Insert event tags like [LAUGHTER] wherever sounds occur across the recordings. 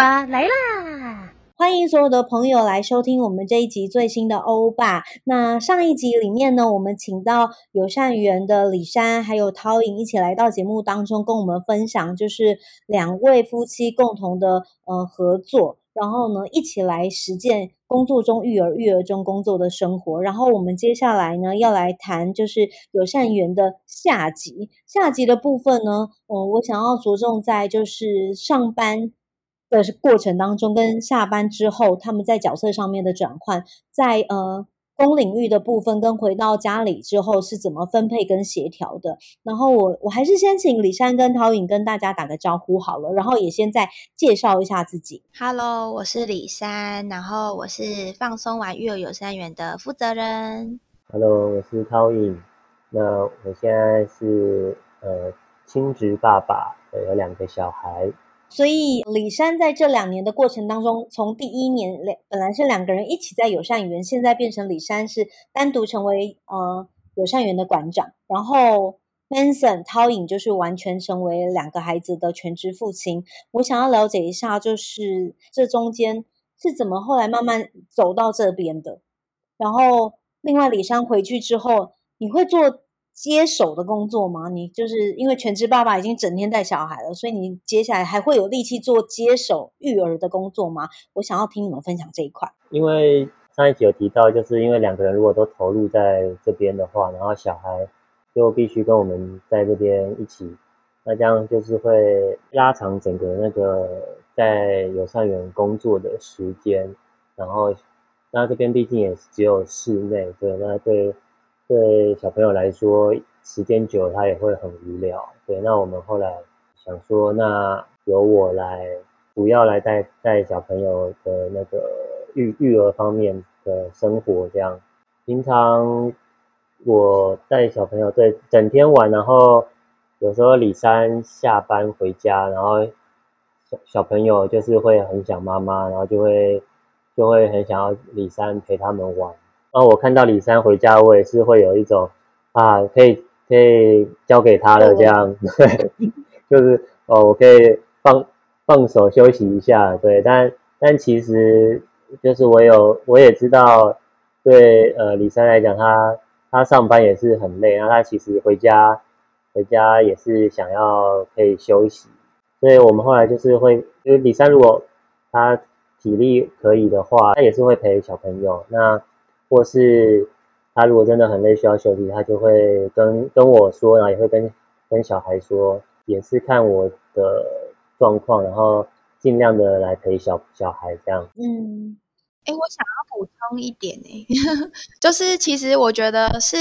來啦！歡迎所有的朋友來收聽我們這一集最新的歐吧。那上一集裡面呢，我們請到友善園的李珊還有滔潁一起來到節目當中，跟我們分享就是兩位夫妻共同的呃合作，然後呢一起來實踐工作中育兒、育兒中工作的生活。然後我們接下來呢要來談就是友善園的下集。下集的部分呢，嗯我想要着重在就是上班。的是過程當中跟下班之後，他們在角色上面的轉換，在呃公領域的部分跟回到家裡之後是怎麼分配跟協調的。然後我我還是先請李珊跟滔潁跟大家打個招呼好了，然後也先再介紹一下自己。Hello，我是李珊，然後我是放鬆玩育兒友善園的負責人。Hello，我是滔潁，那我現在是呃親職爸爸，我有兩個小孩。所以李珊在這兩年的過程當中，從第一年兩本來是兩個人一起在友善園，現在變成李珊是單獨成為呃友善園的館長，然後 Manson 滔潁就是完全成為兩個孩子的全職父親。我想要了解一下，就是這中間是怎麼後來慢慢走到這邊的？然後另外李珊回去之後，你會做？接手的工作嗎？你就是因為全職爸爸已經整天帶小孩了，所以你接下來還會有力氣做接手育兒的工作嗎？我想要聽你們分享這一塊。因為上一集有提到，就是因為兩個人如果都投入在這邊的話，然後小孩就必須跟我們在這邊一起，那這樣就是會拉長整個那個在友善園工作的時間。然後那這邊畢竟也只有室內，對，那對。對小朋友來說，時間久了他也會很無聊。對，那我們後來想說，那由我來，不要來帶帶小朋友的那個育育兒方面的生活。這樣，平常我帶小朋友，對，整天玩，然後有時候李珊下班回家，然後小小朋友就是會很想媽媽，然後就會就會很想要李珊陪他們玩。哦，我看到李珊回家，我也是會有一種啊，可以可以交給他了，這樣，對、嗯， [LAUGHS] 就是哦，我可以放放手休息一下，對，但但其實就是我有我也知道，對，呃，李珊來講，他他上班也是很累，然後他其實回家回家也是想要可以休息，所以我們後來就是會，因為李珊如果他體力可以的話，他也是會陪小朋友，那，或是他如果真的很累需要休息，他就會跟跟我說，然後也會跟跟小孩說，也是看我的狀況，然後盡量的來陪小小孩這樣。嗯，哎、欸，我想要補充一點呢、欸， [LAUGHS] 就是其實我覺得是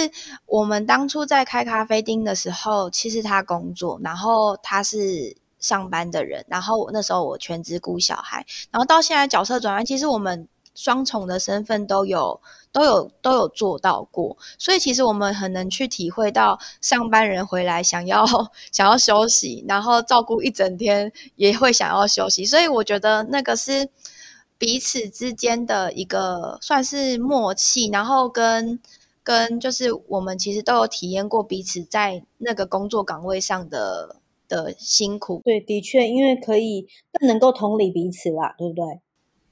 我們當初在開咖啡廳的時候，其實他工作，然後他是上班的人，然後我那時候我全職顧小孩，然後到現在角色轉換，其實我們。雙重的身份都有都有都有做到過，所以其實我們很能去體會到，上班人回來想要想要休息，然後照顧一整天也會想要休息，所以我覺得那個是彼此之間的一個算是默契，然後跟跟就是我們其實都有體驗過彼此在那個工作崗位上的的辛苦，對，的確，因為可以更能夠同理彼此啦，對不對？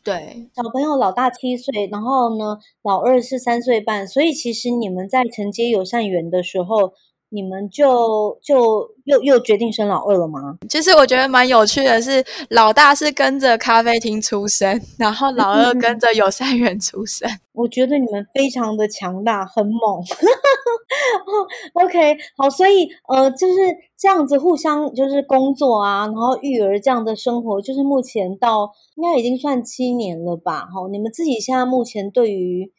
對，小朋友老大七歲，然後呢，老二是三歲半，所以其實你們在承接友善園的時候。你們就就又又決定生老二了嗎？其實我覺得蠻有趣的是，是老大是跟着咖啡廳出生，然後老二跟着友善園出生。 [LAUGHS] 我覺得你們非常的強大，很猛。 [LAUGHS] OK，好，所以呃就是這樣子互相就是工作啊，然後育兒這樣的生活，就是目前到應該已經算七年了吧？好，你們自己現在目前對於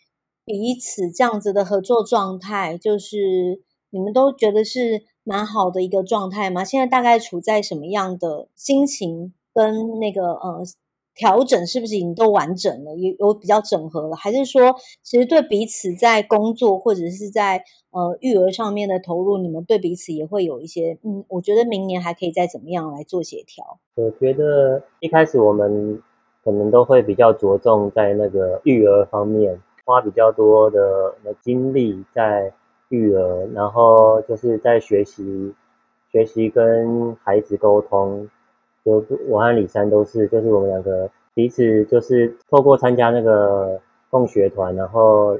彼此這樣子的合作狀態，就是。你們都覺得是蠻好的一個狀態嗎？現在大概處在什麼樣的心情跟那個呃調整，是不是已經都完整了，有有比較整合了？還是說，其實對彼此在工作或者是在呃育兒上面的投入，你們對彼此也會有一些嗯？我覺得明年還可以再怎麼樣來做協調。我覺得一開始我們可能都會比較着重在那個育兒方面花比較多的精力在。育兒，然後就是在學習學習跟孩子溝通。就我和李珊都是，就是我們兩個彼此就是透過參加那個共學團，然後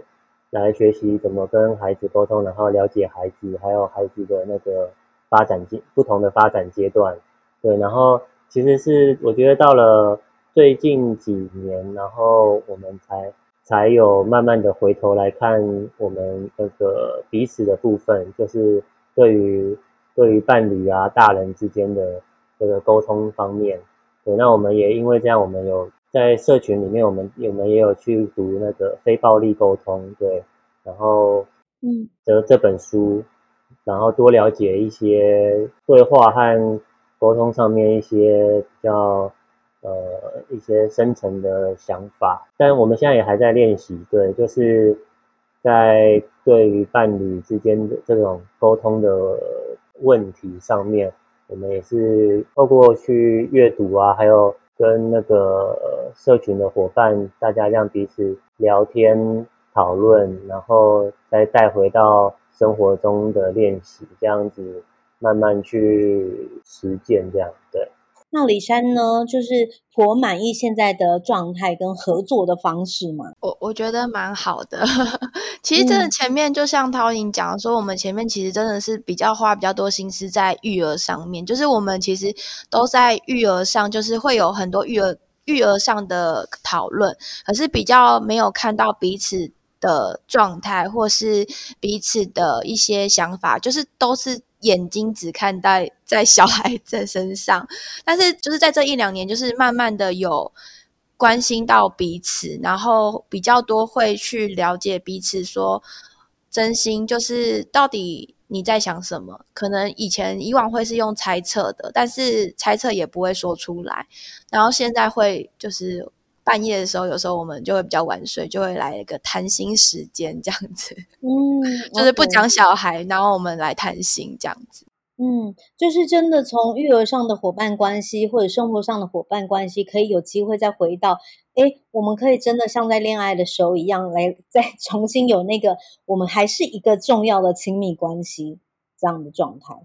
來學習怎麼跟孩子溝通，然後了解孩子，還有孩子的那個發展，不同的發展階段。對，然後其實是我覺得到了最近幾年，然後我們才。才有慢慢的回頭來看我們那個彼此的部分，就是對於對於伴侶啊、大人之間的這個溝通方面，對，那我們也因為這樣，我們有在社群裡面，我們我們也有去讀那個非暴力溝通，對，然後嗯，這這本書，然後多了解一些對話和溝通上面一些比較。呃，一些深層的想法，但我們現在也還在練習，對，就是在對於伴侶之間的這種溝通的問題上面，我們也是透過去閱讀啊，還有跟那個社群的伙伴，大家這樣彼此聊天討論，然後再帶回到生活中的練習，這樣子慢慢去實踐，這樣，對。那李珊呢？就是頗滿意現在的狀態跟合作的方式嗎？我我覺得蠻好的。 [LAUGHS] 其實真的前面就像滔潁講說，嗯，我們前面其實真的是比較花比較多心思在育兒上面，就是我們其實都在育兒上，就是會有很多育兒育兒上的討論，可是比較沒有看到彼此的狀態，或是彼此的一些想法，就是都是。眼睛只看待在小孩在身上，但是就是在這一兩年，就是慢慢的有關心到彼此，然後比較多會去了解彼此，說真心就是到底你在想什麼？可能以前以往會是用猜測的，但是猜測也不會說出來，然後現在會就是。半夜的時候，有時候我們就會比較晚睡，就會來一個談心時間這樣子。嗯， [LAUGHS] 就是不講小孩，Okay. 然後我們來談心這樣子。嗯，就是真的從育兒上的夥伴關係或者生活上的夥伴關係，可以有機會再回到，哎，我們可以真的像在戀愛的時候一樣，來再重新有那個我們還是一個重要的親密關係這樣的狀態。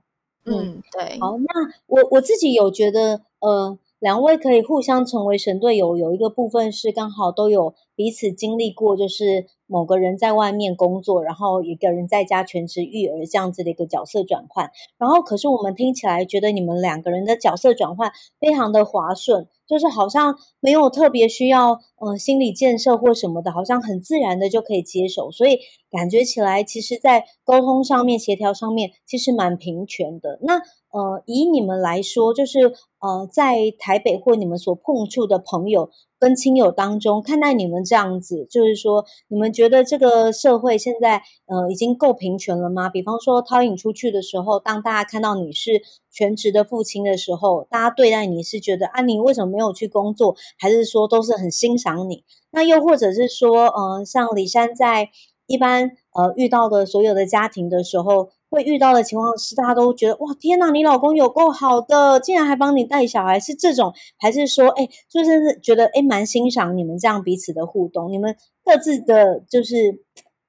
嗯，嗯對。好，那我我自己有覺得，呃。兩位可以互相成為神隊友，有一個部分是剛好都有彼此經歷過，就是某個人在外面工作，然後一個人在家全職育兒這樣子的一個角色轉換。然後可是我們聽起來覺得你們兩個人的角色轉換非常的滑順，就是好像沒有特別需要嗯、呃、心理建設或什麼的，好像很自然的就可以接手，所以感覺起來其實，在溝通上面、協調上面其實蠻平權的。那呃，以你們來說，就是呃，在台北或你們所碰觸的朋友跟親友當中，看待你們這樣子，就是說，你們覺得這個社會現在呃已經夠平權了嗎？比方說，滔潁出去的時候，當大家看到你是全職的父親的時候，大家對待你是覺得啊，你為什麼沒有去工作？還是說都是很欣賞你？那又或者是說，嗯、呃，像李珊在一般呃遇到的所有的家庭的時候。會遇到的情況是，大家都覺得哇天吶，你老公有夠好的，竟然還幫你帶小孩，是這種，還是說，誒、哎、就是覺得誒、哎、蠻欣賞你們這樣彼此的互動，你們各自的就是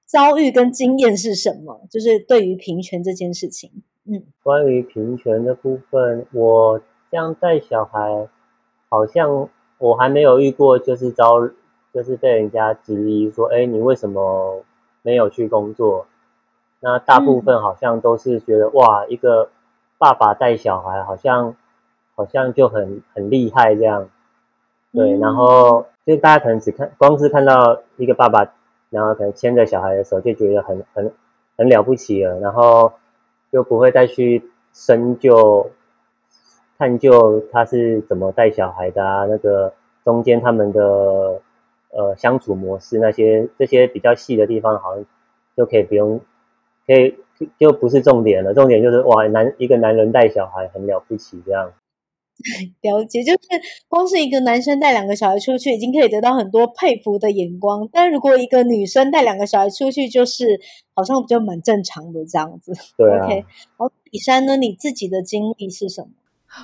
遭遇跟經驗是什麼？就是對於平權這件事情，嗯，關於平權的部分，我這樣帶小孩，好像我還沒有遇過，就是遭，就是被人家質疑說，哎，你為什麼沒有去工作？那大部分好像都是覺得、嗯、哇，一個爸爸帶小孩，好像好像就很很厲害這樣。對，嗯、然後就大家可能只看光是看到一個爸爸，然後可能牽着小孩的時候就覺得很很很了不起了，然後就不會再去深究探究他是怎麼帶小孩的啊，那個中間他們的呃相處模式那些這些比較細的地方，好像就可以不用。可以，就不是重點了，重點就是哇男，一個男人帶小孩很了不起這樣。了解，就是光是一個男生帶兩個小孩出去，已經可以得到很多佩服的眼光。但如果一個女生帶兩個小孩出去，就是好像比較蠻正常的這樣子。對啊。OK，好，okay。第三呢，你自己的經歷是什麼？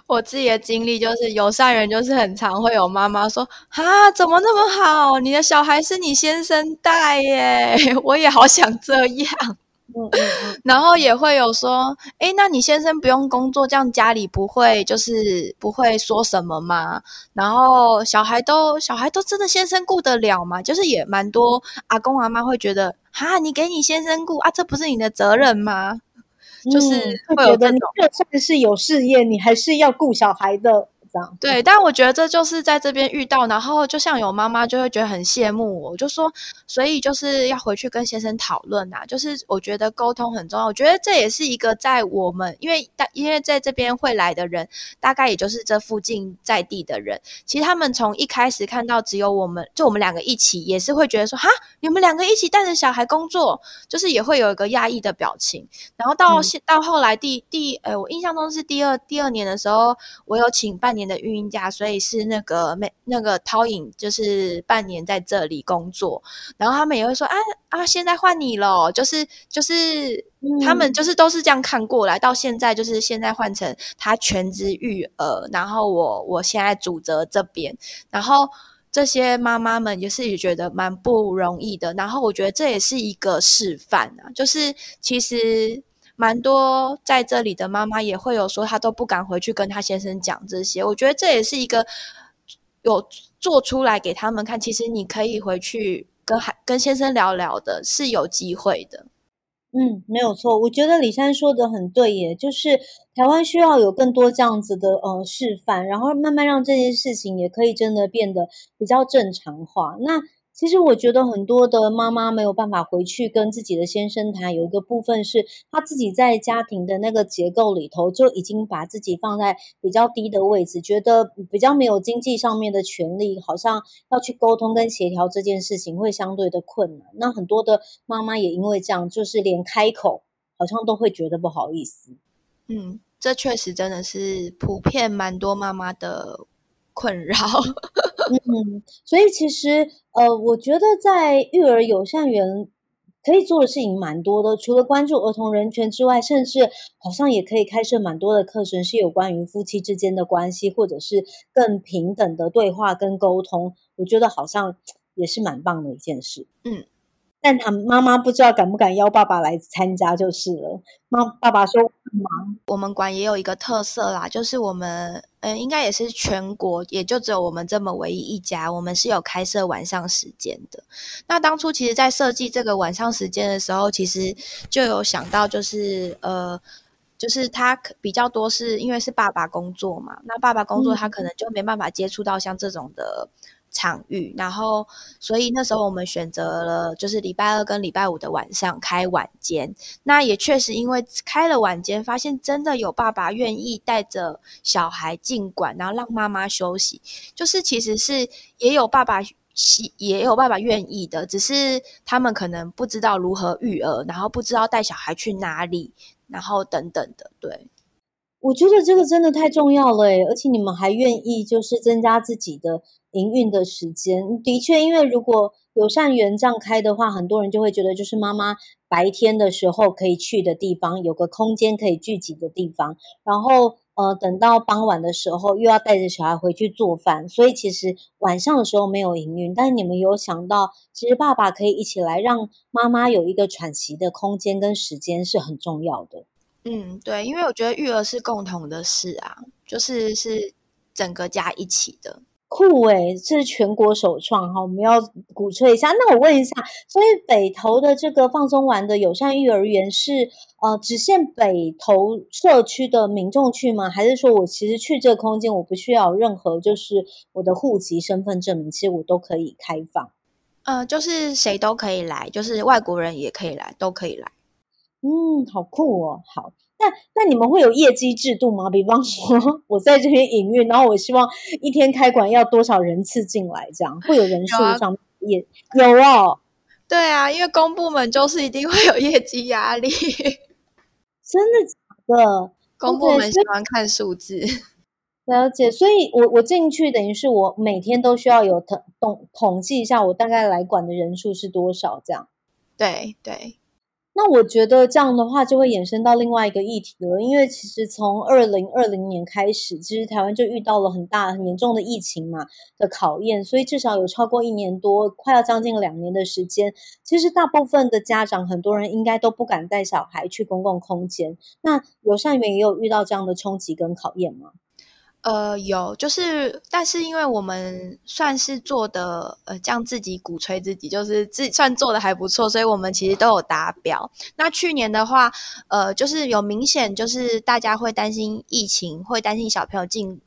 我自己的經歷就是友善人，就是很常會有媽媽說：“哈、啊，怎麼那麼好？你的小孩是你先生帶耶？我也好想這樣。”嗯，嗯嗯 [LAUGHS] 然後也會有說，哎、欸，那你先生不用工作，這樣家裡不會就是不會說什麼嗎？然後小孩都小孩都真的先生顧得了嗎？就是也蠻多、嗯、阿公阿嬤會覺得，哈，你給你先生顧啊，這不是你的責任嗎？嗯、就是會這就覺得，你就算是有事業，你還是要顧小孩的。對，但我覺得這就是在這邊遇到，然後就像有媽媽就會覺得很羨慕我，我就說，所以就是要回去跟先生討論啊，就是我覺得溝通很重要，我覺得這也是一個在我們，因為大，因為在這邊會來的人，大概也就是這附近在地的人，其實他們從一開始看到只有我們就我們兩個一起，也是會覺得說哈，你們兩個一起帶着小孩工作，就是也會有一個壓抑的表情，然後到現、嗯、到後來第第，呃，我印象中是第二第二年的時候，我有請半年。的育嬰假，所以是那個那個滔潁，就是半年在這裡工作，然後他們也會說啊啊，現在換你了，就是就是、嗯、他們就是都是這樣看過來，到現在就是現在換成他全職育兒，然後我我現在主責這邊，然後這些媽媽們也是也覺得蠻不容易的，然後我覺得這也是一個示範啊，就是其實。蠻多在這裡的媽媽也會有說，她都不敢回去跟她先生講這些。我覺得這也是一個有做出來給他們看，其實你可以回去跟孩跟先生聊聊的，是有機會的。嗯，沒有錯，我覺得李珊說的很對耶，就是台灣需要有更多這樣子的呃示範，然後慢慢讓這件事情也可以真的變得比較正常化。那。其實我覺得很多的媽媽沒有辦法回去跟自己的先生談，有一個部分是她自己在家庭的那個結構裡頭就已經把自己放在比較低的位置，覺得比較沒有經濟上面的權利，好像要去溝通跟協調這件事情會相對的困難。那很多的媽媽也因為這樣，就是連開口好像都會覺得不好意思。嗯，這確實真的是普遍蠻多媽媽的。困擾， [LAUGHS] 嗯，所以其實，呃，我覺得在育兒友善園可以做的事情蠻多的，除了關注兒童人權之外，甚至好像也可以開設蠻多的課程，是有關於夫妻之間的關係，或者是更平等的對話跟溝通。我覺得好像也是蠻棒的一件事，嗯。但他媽媽不知道敢不敢邀爸爸來參加就是了。媽、爸爸說忙。我們館也有一個特色啦，就是我們嗯，應該也是全國，也就只有我們這麼唯一一家，我們是有開設晚上時間的。那當初其實，在設計這個晚上時間的時候，其實就有想到，就是呃，就是他可比較多是因為是爸爸工作嘛。那爸爸工作，他可能就沒辦法接觸到像這種的。嗯場域，然後所以那時候我們選擇了就是禮拜二跟禮拜五的晚上開晚間，那也確實因為開了晚間，發現真的有爸爸願意帶着小孩進館，然後讓媽媽休息，就是其實是也有爸爸，也有爸爸願意的，只是他們可能不知道如何育兒，然後不知道帶小孩去哪裡，然後等等的，對。我覺得這個真的太重要了哎，而且你們還願意就是增加自己的營運的時間，的確，因為如果友善園這樣開的話，很多人就會覺得就是媽媽白天的時候可以去的地方，有個空間可以聚集的地方，然後呃等到傍晚的時候又要帶着小孩回去做飯，所以其實晚上的時候沒有營運，但是你們有想到其實爸爸可以一起來，讓媽媽有一個喘息的空間跟時間是很重要的。嗯，對，因為我覺得育兒是共同的事啊，就是是整個家一起的。酷哎、欸，這是全國首創哈，我們要鼓吹一下。那我問一下，所以北投的這個放鬆玩的友善育兒園是呃，只限北投社區的民眾去嗎？還是說我其實去這個空間，我不需要任何就是我的戶籍、身份證明，其實我都可以開放？呃，就是誰都可以來，就是外國人也可以來，都可以來。嗯，好酷哦！好，那那你們會有業績制度嗎？比方說，我在這邊營運，然後我希望一天開館要多少人次進來，這樣會有人數上面也有哦、啊。對啊，因為公部門就是一定會有業績壓力，真的假的？公部門喜歡看數字，了解。所以我我進去，等於是我每天都需要有統統計一下，我大概來館的人數是多少？這樣。對對。那我覺得這樣的話就會衍生到另外一個議題了，因為其實從二零二零年開始，其實台灣就遇到了很大、很嚴重的疫情嘛的考驗，所以至少有超過一年多，快要將近兩年的時間，其實大部分的家長，很多人應該都不敢帶小孩去公共空間。那友善園也有遇到這樣的衝擊跟考驗嗎？呃，有，就是，但是因為我們算是做的，呃，這樣自己鼓吹自己，就是自己算做的還不錯，所以我們其實都有達標。那去年的話，呃，就是有明顯就是大家會擔心疫情，會擔心小朋友進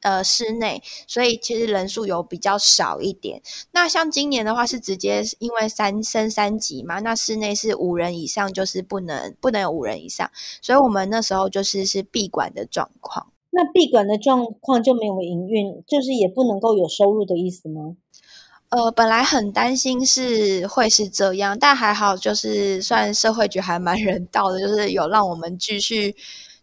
呃室內，所以其實人數有比較少一點。那像今年的話，是直接因為三升三級嘛，那室內是五人以上，就是不能，不能有五人以上，所以我們那時候就是是閉館的狀況。那閉館的狀況就沒有營運，就是也不能夠有收入的意思嗎？呃，本來很擔心是會是這樣，但還好，就是雖然社會局還蠻人道的，就是有讓我們繼續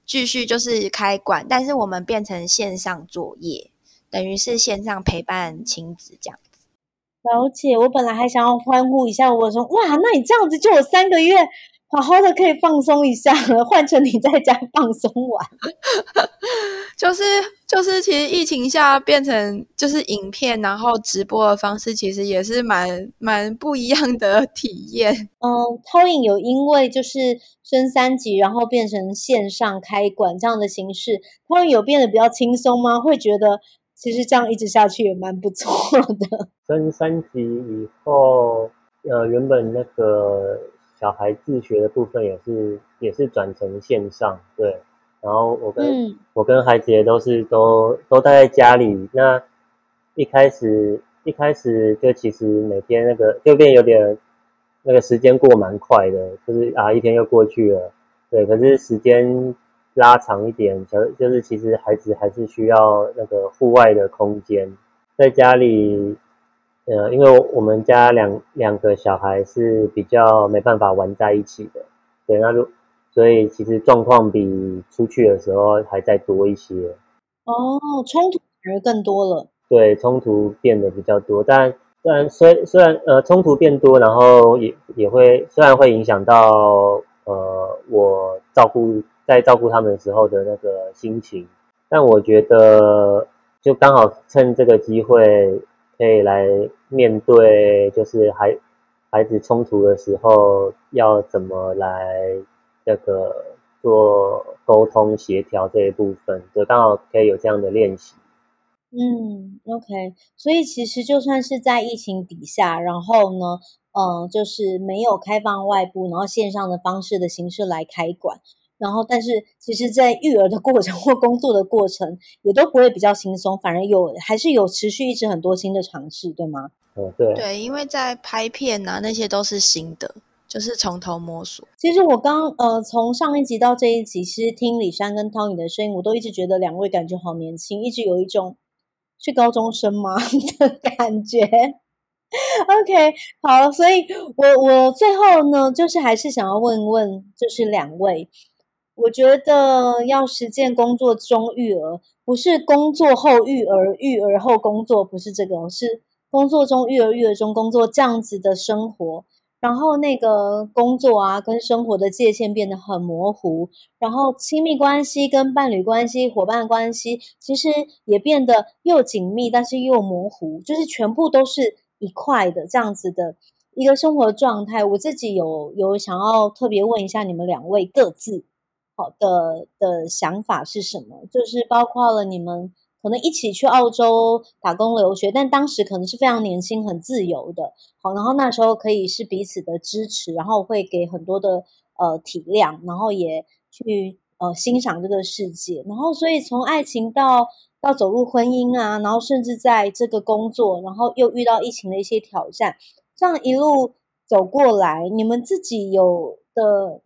繼續就是開館，但是我們變成線上作業，等於是線上陪伴親子這樣子。而且我本來還想要歡呼一下，我說哇，那你這樣子就我三個月好好的可以放鬆一下了，換成你在家放鬆玩。 [LAUGHS] 就是就是，就是、其實疫情下變成就是影片，然後直播的方式，其實也是蠻蠻不一樣的體驗。嗯，滔潁有因為就是升三級，然後變成線上開館這樣的形式，滔潁有變得比較輕鬆嗎？會覺得其實這樣一直下去也蠻不錯的。升三級以後，呃，原本那個小孩自學的部分也是也是轉成線上，對。然後我跟、嗯、我跟孩子也都是都都待在家裡。那一開始一開始就其實每天那個就變有點那個時間過蠻快的，就是啊一天又過去了。對，可是時間拉長一點，小就是其實孩子還是需要那個戶外的空間。在家裡，呃，因為我們家兩兩個小孩是比較沒辦法玩在一起的。對，那就。所以其實狀況比出去的時候還再多一些，哦，衝突反而更多了。對，衝突變得比較多。但雖然雖雖然呃，衝突變多，然後也也會雖然會影響到呃我照顧在照顧他們的時候的那個心情，但我覺得就剛好趁這個機會可以來面對，就是孩孩子衝突的時候要怎麼來。這個做溝通協調這一部分，就剛好可以有這樣的練習。嗯，OK。所以其實就算是在疫情底下，然後呢，嗯、呃，就是沒有開放外部，然後線上的方式的形式來開館，然後但是其實，在育兒的過程或工作的過程，也都不會比較輕鬆，反而有還是有持續一直很多新的嘗試，對嗎？嗯，對。對，因為在拍片啊，那些都是新的。就是從頭摸索。其實我剛呃，從上一集到這一集，其實聽李珊跟滔潁的聲音，我都一直覺得兩位感覺好年輕，一直有一種是高中生嘛 [LAUGHS] 的感覺。OK，好，所以我我最後呢，就是還是想要問一問，就是兩位，我覺得要實踐工作中育兒，不是工作後育兒，育兒後工作，不是這個，是工作中育兒，育兒中工作這樣子的生活。然後那個工作啊，跟生活的界限變得很模糊，然後親密關係、跟伴侶關係、夥伴關係，其實也變得又緊密，但是又模糊，就是全部都是一塊的這樣子的一個生活狀態。我自己有有想要特別問一下你們兩位各自好的的，的想法是什麼，就是包括了你們。可能一起去澳洲打工留學，但當時可能是非常年輕、很自由的。好，然後那時候可以是彼此的支持，然後會給很多的呃體諒，然後也去呃欣賞這個世界。然後，所以從愛情到到走入婚姻啊，然後甚至在這個工作，然後又遇到疫情的一些挑戰，這樣一路走過來，你們自己有的。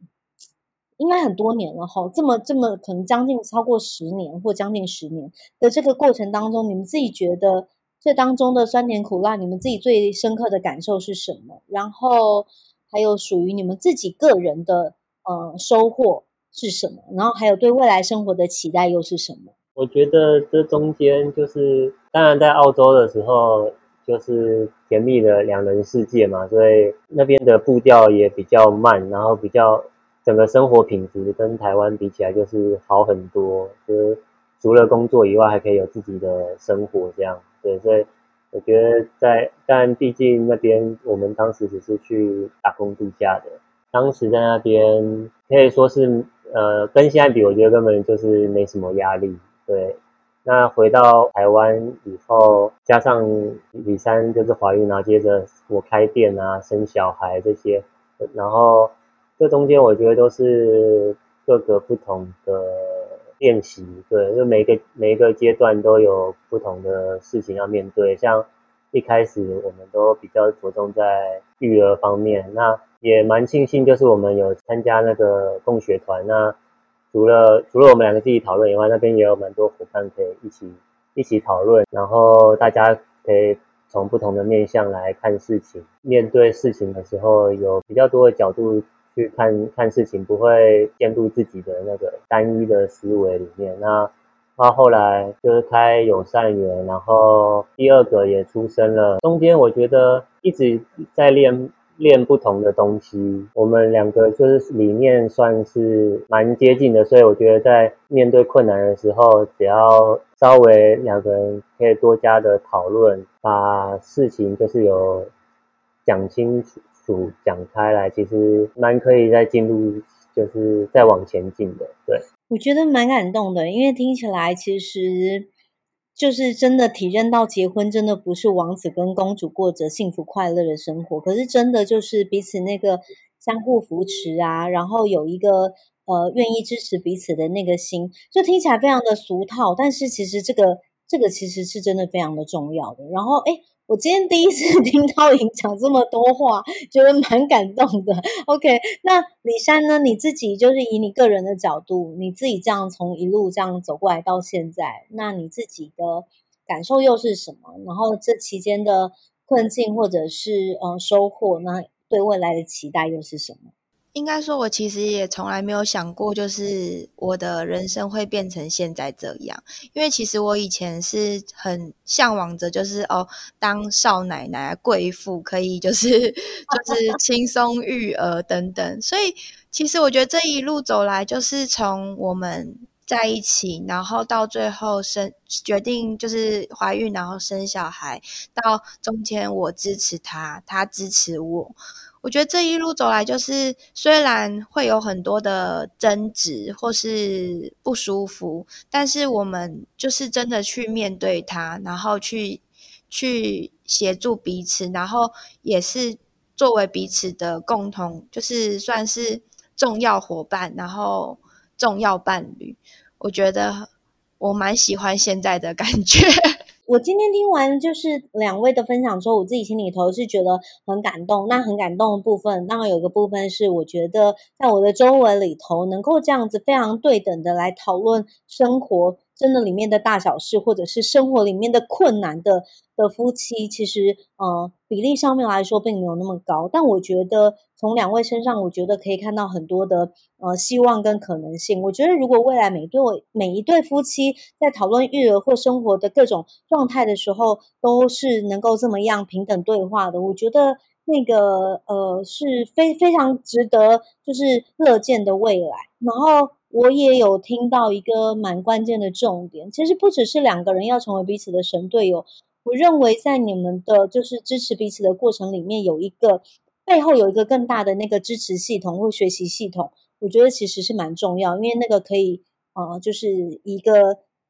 應該很多年了哈，這麼這麼可能將近超過十年或將近十年的這個過程當中，你們自己覺得這當中的酸甜苦辣，你們自己最深刻的感受是什麼？然後還有屬於你們自己個人的呃收穫是什麼？然後還有對未來生活的期待又是什麼？我覺得這中間就是，當然在澳洲的時候就是甜蜜的兩人世界嘛，所以那邊的步調也比較慢，然後比較。整個生活品質跟台灣比起來就是好很多，就是除了工作以外還可以有自己的生活這樣，對，所以我覺得在，但畢竟那邊我們當時只是去打工度假的，當時在那邊可以說是，呃，跟現在比，我覺得根本就是沒什麼壓力，對。那回到台灣以後，加上李珊就是懷孕啊，然後接着我開店啊，生小孩這些，然後。這中間我覺得都是各個不同的練習，對，就每個每一個階段都有不同的事情要面對。像一開始我們都比較着重在育兒方面，那也蠻慶幸就是我們有參加那個共學團，那除了除了我們兩個自己討論以外，那邊也有蠻多夥伴可以一起一起討論，然後大家可以從不同的面向來看事情，面對事情的時候有比較多的角度，去看看事情，不會陷入自己的那個單一的思維裡面。那那後來就是開友善園，然後第二個也出生了。中間我覺得一直在練練不同的東西。我們兩個就是理念算是蠻接近的，所以我覺得在面對困難的時候，只要稍微兩個人可以多加的討論，把事情就是有講清楚。講開來，其實蠻可以再進入，就是再往前進的。對，我覺得蠻感動的，因為聽起來其實就是真的體驗到結婚真的不是王子跟公主過着幸福快樂的生活，可是真的就是彼此那個相互扶持啊，然後有一個呃願意支持彼此的那個心，就聽起來非常的俗套，但是其實這個這個其實是真的非常的重要的。然後，誒我今天第一次聽到潁講這麼多話，覺得蠻感動的。OK，那李珊呢？你自己就是以你個人的角度，你自己這樣從一路這樣走過來到現在，那你自己的感受又是什麼？然後這期間的困境或者是呃收穫，那對未來的期待又是什麼？應該說，我其實也從來沒有想過，就是我的人生會變成現在這樣。因為其實我以前是很向往着，就是哦，當少奶奶、貴婦，可以就是就是輕鬆育兒等等。 [LAUGHS] 所以，其實我覺得這一路走來，就是從我們在一起，然後到最後生，決定就是懷孕，然後生小孩，到中間我支持他，他支持我。我覺得這一路走來，就是雖然會有很多的爭執或是不舒服，但是我們就是真的去面對它，然後去去協助彼此，然後也是作為彼此的共同，就是算是重要夥伴，然後重要伴侶。我覺得我蠻喜歡現在的感覺。我今天聽完就是兩位的分享之後，我自己心裡頭是覺得很感動。那很感動的部分，當然有一個部分是，我覺得在我的周圍裡頭，能夠這樣子非常對等的來討論生活，真的裡面的大小事，或者是生活裡面的困難的的夫妻，其實呃比例上面來說並沒有那麼高，但我覺得從兩位身上，我覺得可以看到很多的呃希望跟可能性。我覺得如果未來每對每一對夫妻在討論育兒或生活的各種狀態的時候，都是能夠這麼樣平等對話的，我覺得那個呃是非非常值得就是樂見的未來。然後，我也有聽到一個蠻關鍵的重點，其實不只是兩個人要成為彼此的神隊友，我認為在你們的，就是支持彼此的過程裡面，有一個背後有一個更大的那個支持系統或學習系統，我覺得其實是蠻重要，因為那個可以啊、呃，就是一個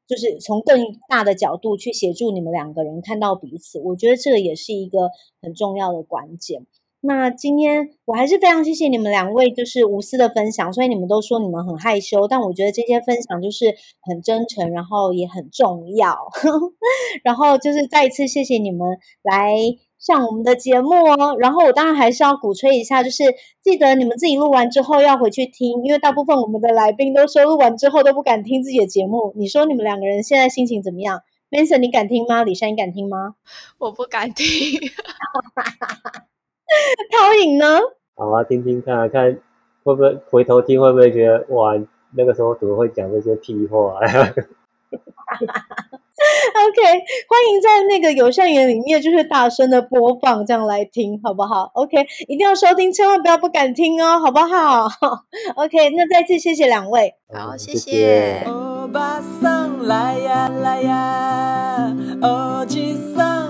就是從更大的角度去協助你們兩個人看到彼此，我覺得這個也是一個很重要的關鍵。那今天我還是非常謝謝你們兩位，就是無私的分享。所以你們都說你們很害羞，但我覺得這些分享就是很真誠，然後也很重要。 [LAUGHS] 然後就是再一次謝謝你們來上我們的節目哦。然後我當然還是要鼓吹一下，就是記得你們自己錄完之後要回去聽，因為大部分我們的來賓都說錄完之後都不敢聽自己的節目。你說你們兩個人現在心情怎麼樣？Vincent 你敢聽嗎？李珊，你敢聽嗎？我不敢聽。 [LAUGHS] 滔潁呢？好啊，聽聽看、啊、看，會不會回頭聽會不會覺得哇，那個時候怎麼會講這些屁話、啊、 [LAUGHS] ？OK，歡迎在那個友善園裡面就是大聲的播放，這樣來聽好不好？OK，一定要收聽，千萬不要不敢聽哦，好不好？OK，那再次謝謝兩位，好，嗯、謝謝。謝謝